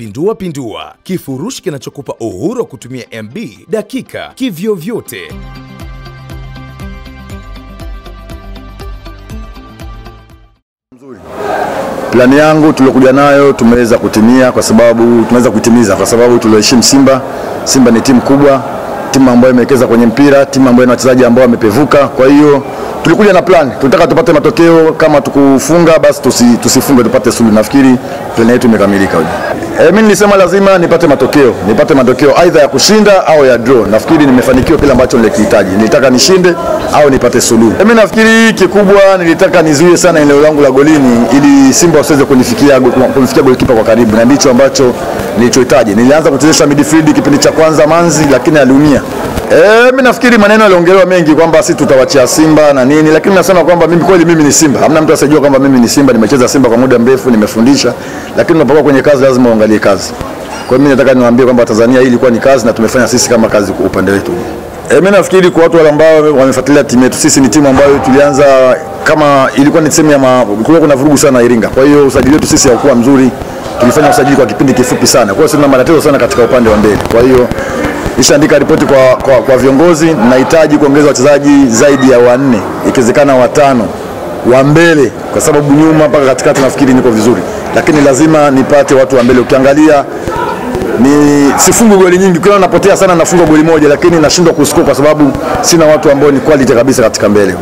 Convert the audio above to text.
pindua pindua, kifurushi kinachokupa uhuru wa kutumia MB dakika kivyovyote. Plani yangu tuliokuja nayo tumeweza kutimia kwa sababu tunaweza kuitimiza kwa sababu tulioheshimu Simba. Simba ni timu kubwa, timu ambayo imewekeza kwenye mpira, timu ambayo ina wachezaji ambao wamepevuka, kwa hiyo tulikuja na plan, tunataka tupate matokeo. Kama tukufunga basi tusi, tusifunge tupate suluhu. Nafikiri plan yetu imekamilika. E, mimi nilisema lazima nipate matokeo, nipate matokeo aidha ya kushinda au ya draw. Nafikiri nimefanikiwa kile ambacho nilikihitaji. Nilitaka nishinde au nipate suluhu. E, mimi nafikiri kikubwa nilitaka nizuie sana eneo langu la golini ili Simba wasiweze kunifikia kunifikia golikipa kwa karibu, na ndicho ambacho nilichohitaji. Nilianza kuchezesha midfield kipindi cha kwanza Manzi, lakini aliumia Eh, mimi nafikiri maneno yaliongelewa mengi kwamba si tutawachia Simba na nini, lakini nasema kwamba mimi kweli mimi ni Simba. Hamna mtu asijue kwamba mimi ni Simba, nimecheza Simba kwa muda mrefu, nimefundisha, lakini unapokuwa kwenye kazi lazima uangalie kazi. Kwa hiyo mimi nataka niwaambie kwamba Tanzania hii ilikuwa ni kazi na tumefanya sisi kama kazi kwa upande wetu. Eh, mimi nafikiri kwa watu wale ambao wamefuatilia timu yetu, sisi ni timu ambayo tulianza kama ilikuwa ni sehemu ya kulikuwa kuna vurugu sana Iringa, kwa hiyo usajili wetu sisi haukuwa mzuri, tulifanya usajili kwa kipindi kifupi sana, kwa hiyo sina matatizo sana katika upande wa mbele, kwa hiyo nishaandika ripoti kwa, kwa, kwa viongozi. Nahitaji kuongeza wachezaji zaidi ya wanne, ikiwezekana watano wa mbele, kwa sababu nyuma mpaka katikati nafikiri niko vizuri, lakini lazima nipate watu wa mbele. Ukiangalia ni sifungi goli nyingi, kila napotea sana, nafunga goli moja, lakini nashindwa kusukua kwa sababu sina watu ambao ni quality kabisa katika mbele.